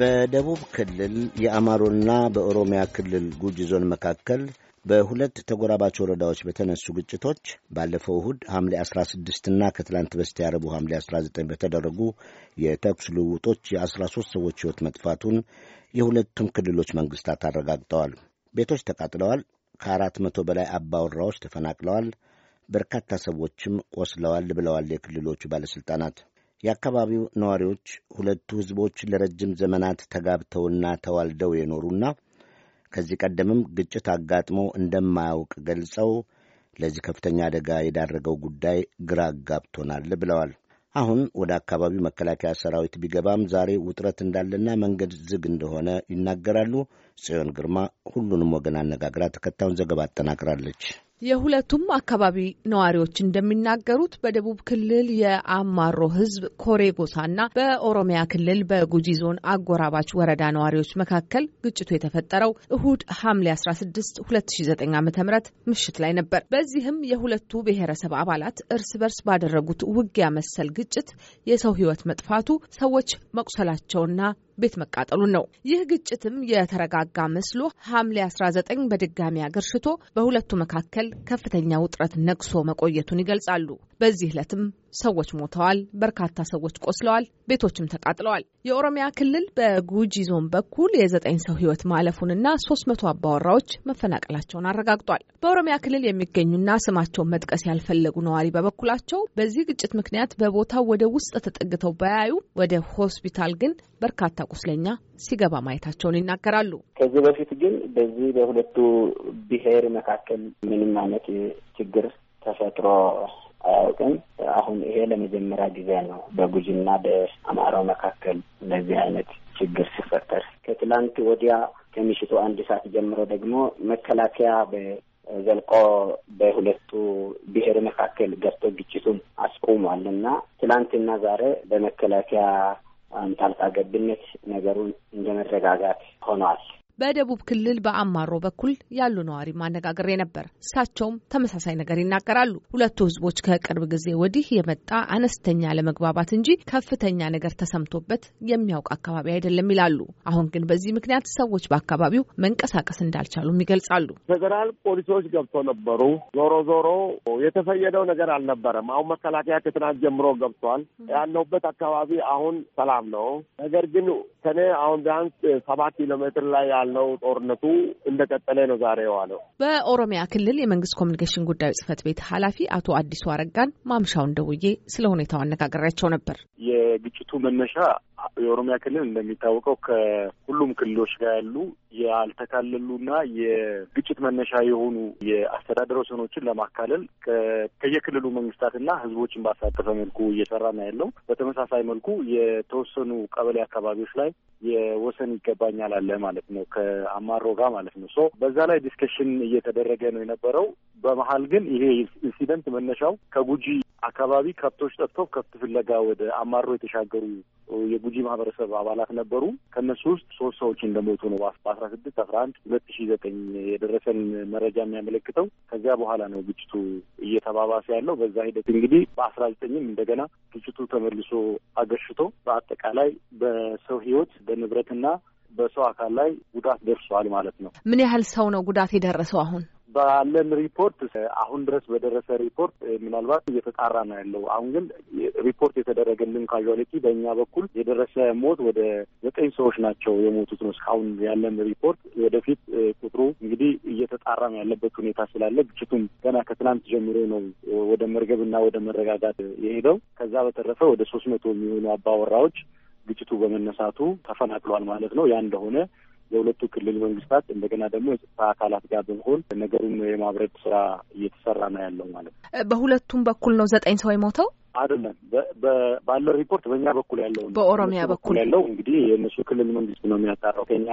በደቡብ ክልል የአማሮና በኦሮሚያ ክልል ጉጂ ዞን መካከል በሁለት ተጎራባች ወረዳዎች በተነሱ ግጭቶች ባለፈው እሁድ ሐምሌ 16ና ከትላንት በስቲያ ረቡዕ ሐምሌ 19 በተደረጉ የተኩስ ልውውጦች የ13 ሰዎች ሕይወት መጥፋቱን የሁለቱም ክልሎች መንግሥታት አረጋግጠዋል። ቤቶች ተቃጥለዋል። ከአራት መቶ በላይ አባወራዎች ተፈናቅለዋል። በርካታ ሰዎችም ቆስለዋል ብለዋል የክልሎቹ ባለሥልጣናት። የአካባቢው ነዋሪዎች ሁለቱ ሕዝቦች ለረጅም ዘመናት ተጋብተውና ተዋልደው የኖሩና ከዚህ ቀደምም ግጭት አጋጥሞ እንደማያውቅ ገልጸው ለዚህ ከፍተኛ አደጋ የዳረገው ጉዳይ ግራ አጋብቶናል ብለዋል። አሁን ወደ አካባቢው መከላከያ ሰራዊት ቢገባም ዛሬ ውጥረት እንዳለና መንገድ ዝግ እንደሆነ ይናገራሉ። ጽዮን ግርማ ሁሉንም ወገን አነጋግራ ተከታዩን ዘገባ አጠናቅራለች። የሁለቱም አካባቢ ነዋሪዎች እንደሚናገሩት በደቡብ ክልል የአማሮ ሕዝብ ኮሬ ጎሳና በኦሮሚያ ክልል በጉጂ ዞን አጎራባች ወረዳ ነዋሪዎች መካከል ግጭቱ የተፈጠረው እሁድ ሐምሌ 16 2009 ዓ ም ምሽት ላይ ነበር። በዚህም የሁለቱ ብሔረሰብ አባላት እርስ በርስ ባደረጉት ውጊያ መሰል ግጭት የሰው ሕይወት መጥፋቱ ሰዎች መቁሰላቸውና ቤት መቃጠሉን ነው። ይህ ግጭትም የተረጋጋ መስሎ ሐምሌ 19 በድጋሚ አገርሽቶ በሁለቱ መካከል ከፍተኛ ውጥረት ነግሶ መቆየቱን ይገልጻሉ። በዚህ ዕለትም ሰዎች ሞተዋል፣ በርካታ ሰዎች ቆስለዋል፣ ቤቶችም ተቃጥለዋል። የኦሮሚያ ክልል በጉጂ ዞን በኩል የዘጠኝ ሰው ሕይወት ማለፉንና ሶስት መቶ አባወራዎች መፈናቀላቸውን አረጋግጧል። በኦሮሚያ ክልል የሚገኙና ስማቸውን መጥቀስ ያልፈለጉ ነዋሪ በበኩላቸው በዚህ ግጭት ምክንያት በቦታው ወደ ውስጥ ተጠግተው በያዩ ወደ ሆስፒታል ግን በርካታ ቁስለኛ ሲገባ ማየታቸውን ይናገራሉ። ከዚህ በፊት ግን በዚህ በሁለቱ ብሔር መካከል ምንም አይነት ችግር ተፈጥሮ አያውቅም። አሁን ይሄ ለመጀመሪያ ጊዜ ነው በጉጂና በአማራው መካከል እንደዚህ አይነት ችግር ሲፈጠር። ከትላንት ወዲያ ከምሽቱ አንድ ሰዓት ጀምሮ ደግሞ መከላከያ በዘልቆ በሁለቱ ብሔር መካከል ገብቶ ግጭቱን አስቆሟል እና ትላንትና ዛሬ በመከላከያ ጣልቃ ገብነት ነገሩን እንደመረጋጋት ሆኗል። በደቡብ ክልል በአማሮ በኩል ያሉ ነዋሪ ማነጋገሬ ነበር። እሳቸውም ተመሳሳይ ነገር ይናገራሉ። ሁለቱ ህዝቦች ከቅርብ ጊዜ ወዲህ የመጣ አነስተኛ ለመግባባት እንጂ ከፍተኛ ነገር ተሰምቶበት የሚያውቅ አካባቢ አይደለም ይላሉ። አሁን ግን በዚህ ምክንያት ሰዎች በአካባቢው መንቀሳቀስ እንዳልቻሉም ይገልጻሉ። ፌዴራል ፖሊሶች ገብቶ ነበሩ። ዞሮ ዞሮ የተፈየደው ነገር አልነበረም። አሁን መከላከያ ከትናንት ጀምሮ ገብቷል። ያለሁበት አካባቢ አሁን ሰላም ነው። ነገር ግን ከኔ አሁን ቢያንስ ሰባት ኪሎ ሜትር ላይ ያለ ያለው ጦርነቱ እንደቀጠለ ነው ዛሬ የዋለው። በኦሮሚያ ክልል የመንግስት ኮሚኒኬሽን ጉዳዩ ጽህፈት ቤት ኃላፊ አቶ አዲሱ አረጋን ማምሻውን ደውዬ ስለ ሁኔታው አነጋገሪያቸው ነበር። የግጭቱ መነሻ የኦሮሚያ ክልል እንደሚታወቀው ከሁሉም ክልሎች ጋር ያሉ ያልተካለሉና የግጭት መነሻ የሆኑ የአስተዳደር ወሰኖችን ለማካለል ከየክልሉ መንግስታትና ህዝቦችን ባሳተፈ መልኩ እየሰራ ነው ያለው። በተመሳሳይ መልኩ የተወሰኑ ቀበሌ አካባቢዎች ላይ የወሰን ይገባኛል አለ ማለት ነው። ከአማሮ ጋር ማለት ነው። ሶ በዛ ላይ ዲስከሽን እየተደረገ ነው የነበረው። በመሀል ግን ይሄ ኢንሲደንት መነሻው ከጉጂ አካባቢ ከብቶች ጠጥተው ከብት ፍለጋ ወደ አማሮ የተሻገሩ የጉጂ ማህበረሰብ አባላት ነበሩ። ከእነሱ ውስጥ ሶስት ሰዎች እንደሞቱ ነው በአስራ ስድስት አስራ አንድ ሁለት ሺ ዘጠኝ የደረሰን መረጃ የሚያመለክተው። ከዚያ በኋላ ነው ግጭቱ እየተባባሰ ያለው። በዛ ሂደት እንግዲህ በአስራ ዘጠኝም እንደገና ግጭቱ ተመልሶ አገርሽቶ በአጠቃላይ በሰው ህይወት በንብረትና በሰው አካል ላይ ጉዳት ደርሷል ማለት ነው። ምን ያህል ሰው ነው ጉዳት የደረሰው? አሁን ባለን ሪፖርት አሁን ድረስ በደረሰ ሪፖርት ምናልባት እየተጣራ ነው ያለው። አሁን ግን ሪፖርት የተደረገልን ካዥዋሊቲ በእኛ በኩል የደረሰ ሞት ወደ ዘጠኝ ሰዎች ናቸው የሞቱት ነው እስካሁን ያለን ሪፖርት። ወደፊት ቁጥሩ እንግዲህ እየተጣራ ነው ያለበት ሁኔታ ስላለ ግጭቱም ገና ከትናንት ጀምሮ ነው ወደ መርገብ ወደ መረጋጋት የሄደው። ከዛ በተረፈ ወደ ሶስት መቶ የሚሆኑ አባወራዎች ግጭቱ በመነሳቱ ተፈናቅሏል ማለት ነው። ያ እንደሆነ የሁለቱ ክልል መንግስታት እንደገና ደግሞ የጸጥታ አካላት ጋር በመሆን ነገሩን የማብረድ ስራ እየተሰራ ነው ያለው ማለት ነው። በሁለቱም በኩል ነው ዘጠኝ ሰው የሞተው አይደለም። ባለው ሪፖርት በእኛ በኩል ያለው በኦሮሚያ በኩል ያለው እንግዲህ የእነሱ ክልል መንግስት ነው የሚያጣራው። ከኛ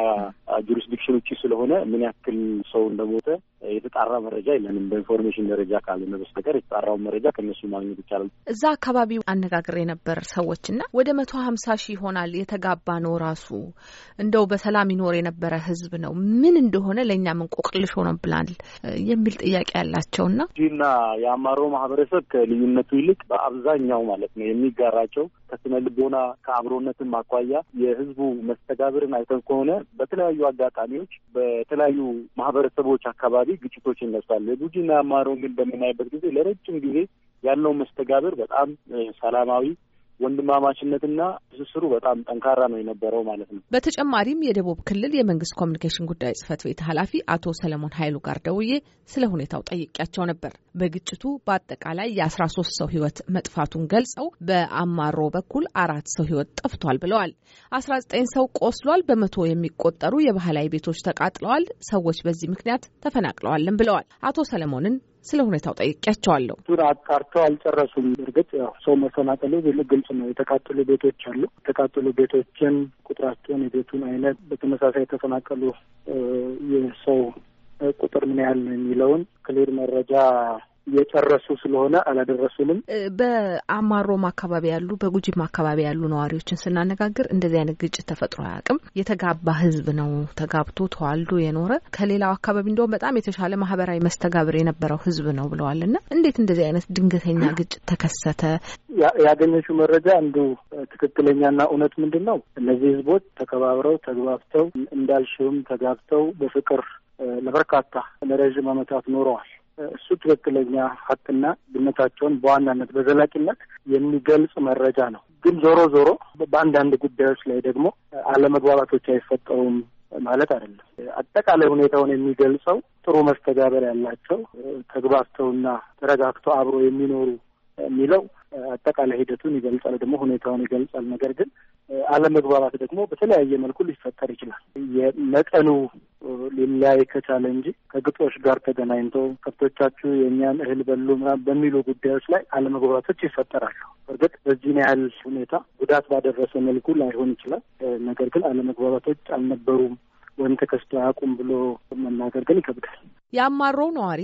ጁሪስዲክሽን ውጭ ስለሆነ ምን ያክል ሰው እንደሞተ የተጣራ መረጃ የለንም። በኢንፎርሜሽን ደረጃ ካልሆነ በስተቀር የተጣራውን መረጃ ከእነሱ ማግኘት ይቻላል። እዛ አካባቢ አነጋግሬ የነበር ሰዎች እና ወደ መቶ ሀምሳ ሺህ ይሆናል የተጋባ ነው ራሱ እንደው በሰላም ይኖር የነበረ ህዝብ ነው ምን እንደሆነ ለእኛ መንቆቅልሾ ነው ብላል የሚል ጥያቄ ያላቸውና ና የአማሮ ማህበረሰብ ከልዩነቱ ይልቅ በአብዛ አብዛኛው ማለት ነው የሚጋራቸው ከስነ ልቦና ከአብሮነትም አኳያ የህዝቡ መስተጋብርን አይተን ከሆነ በተለያዩ አጋጣሚዎች በተለያዩ ማህበረሰቦች አካባቢ ግጭቶች ይነሳሉ። የጉጂና አማሮ ግን በምናይበት ጊዜ ለረጅም ጊዜ ያለው መስተጋብር በጣም ሰላማዊ ወንድማማችነትና ትስስሩ በጣም ጠንካራ ነው የነበረው ማለት ነው። በተጨማሪም የደቡብ ክልል የመንግስት ኮሚኒኬሽን ጉዳይ ጽህፈት ቤት ኃላፊ አቶ ሰለሞን ኃይሉ ጋር ደውዬ ስለ ሁኔታው ጠይቄያቸው ነበር። በግጭቱ በአጠቃላይ የአስራ ሶስት ሰው ህይወት መጥፋቱን ገልጸው በአማሮ በኩል አራት ሰው ህይወት ጠፍቷል ብለዋል። አስራ ዘጠኝ ሰው ቆስሏል። በመቶ የሚቆጠሩ የባህላዊ ቤቶች ተቃጥለዋል። ሰዎች በዚህ ምክንያት ተፈናቅለዋልም ብለዋል። አቶ ሰለሞንን ስለ ሁኔታው ጠይቄያቸዋለሁ። እሱን አጣርተው አልጨረሱም። እርግጥ ያው ሰው መፈናቀሉ ግልጽ ነው። የተቃጠሉ ቤቶች አሉ። የተቃጠሉ ቤቶችን ቁጥራቸውን፣ የቤቱን አይነት፣ በተመሳሳይ የተፈናቀሉ የሰው ቁጥር ምን ያህል ነው የሚለውን ክሊር መረጃ የጨረሱ ስለሆነ አላደረሱንም። በአማሮም አካባቢ ያሉ በጉጂም አካባቢ ያሉ ነዋሪዎችን ስናነጋግር እንደዚህ አይነት ግጭት ተፈጥሮ አያውቅም። የተጋባ ህዝብ ነው ተጋብቶ ተዋልዶ የኖረ ከሌላው አካባቢ እንደውም በጣም የተሻለ ማህበራዊ መስተጋብር የነበረው ህዝብ ነው ብለዋል። እና እንዴት እንደዚህ አይነት ድንገተኛ ግጭት ተከሰተ? ያገኘችው መረጃ አንዱ ትክክለኛና እውነት ምንድን ነው? እነዚህ ህዝቦች ተከባብረው ተግባብተው እንዳልሽውም ተጋብተው በፍቅር ለበርካታ ለረዥም አመታት ኖረዋል። እሱ ትክክለኛ ሀቅና ግነታቸውን በዋናነት በዘላቂነት የሚገልጽ መረጃ ነው። ግን ዞሮ ዞሮ በአንዳንድ ጉዳዮች ላይ ደግሞ አለመግባባቶች አይፈጠሩም ማለት አይደለም። አጠቃላይ ሁኔታውን የሚገልጸው ጥሩ መስተጋበር ያላቸው ተግባብተውና ተረጋግተው አብሮ የሚኖሩ የሚለው አጠቃላይ ሂደቱን ይገልጻል፣ ደግሞ ሁኔታውን ይገልጻል። ነገር ግን አለመግባባት ደግሞ በተለያየ መልኩ ሊፈጠር ይችላል። የመጠኑ ሊለያይ ከቻለ እንጂ ከግጦሽ ጋር ተገናኝቶ ከብቶቻችሁ የእኛን እህል በሉ በሚሉ ጉዳዮች ላይ አለመግባባቶች ይፈጠራሉ። እርግጥ በዚህን ያህል ሁኔታ ጉዳት ባደረሰ መልኩ ላይሆን ይችላል። ነገር ግን አለመግባባቶች አልነበሩም ወይም ተከስቶ አያውቁም ብሎ መናገር ግን ይከብዳል። የአማሮው ነዋሪ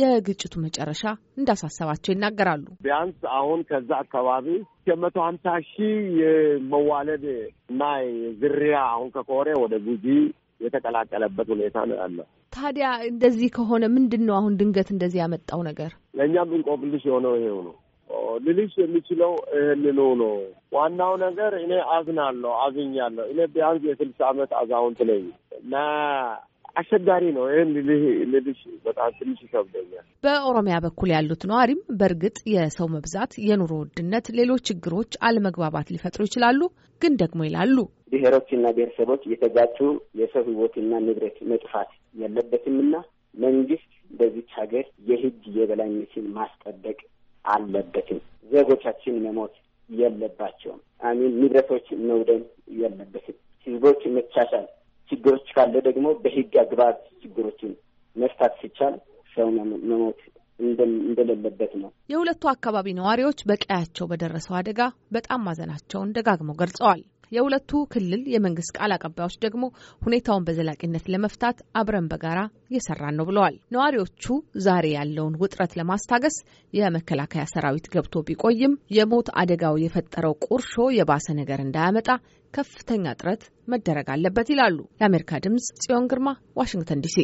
የግጭቱ መጨረሻ እንዳሳሰባቸው ይናገራሉ። ቢያንስ አሁን ከዛ አካባቢ የመቶ ሀምሳ ሺህ የመዋለድ እና ዝርያ አሁን ከኮሬ ወደ ጉጂ የተቀላቀለበት ሁኔታ ነው ያለው። ታዲያ እንደዚህ ከሆነ ምንድን ነው አሁን ድንገት እንደዚህ ያመጣው ነገር? ለእኛም እንቆቅልሽ የሆነው ይሄው ነው ልልሽ የሚችለው ይህንኑ ነው። ዋናው ነገር እኔ አዝናለሁ፣ አዝኛለሁ። እኔ ቢያንስ የስልሳ ዓመት አዛውንት ነኝ እና አስቸጋሪ ነው። ይህን ልልሽ በጣም ትንሽ ይከብደኛል። በኦሮሚያ በኩል ያሉት ነዋሪም በእርግጥ የሰው መብዛት፣ የኑሮ ውድነት፣ ሌሎች ችግሮች አለመግባባት ሊፈጥሩ ይችላሉ። ግን ደግሞ ይላሉ ብሔሮችና ብሔረሰቦች የተጋጩ የሰው ሕይወትና ንብረት መጥፋት የለበትምና መንግስት በዚች ሀገር የህግ የበላይነትን ማስጠበቅ አለበትም። ዜጎቻችን መሞት የለባቸውም። አሚን ንብረቶች መውደም የለበትም። ህዝቦች መቻቻል ችግሮች ካለ ደግሞ በህግ አግባብ ችግሮችን መፍታት ሲቻል ሰው መሞት እንደሌለበት ነው። የሁለቱ አካባቢ ነዋሪዎች በቀያቸው በደረሰው አደጋ በጣም ማዘናቸውን ደጋግመው ገልጸዋል። የሁለቱ ክልል የመንግስት ቃል አቀባዮች ደግሞ ሁኔታውን በዘላቂነት ለመፍታት አብረን በጋራ እየሰራን ነው ብለዋል። ነዋሪዎቹ ዛሬ ያለውን ውጥረት ለማስታገስ የመከላከያ ሰራዊት ገብቶ ቢቆይም የሞት አደጋው የፈጠረው ቁርሾ የባሰ ነገር እንዳያመጣ ከፍተኛ ጥረት መደረግ አለበት ይላሉ። የአሜሪካ ድምጽ ጽዮን ግርማ ዋሽንግተን ዲሲ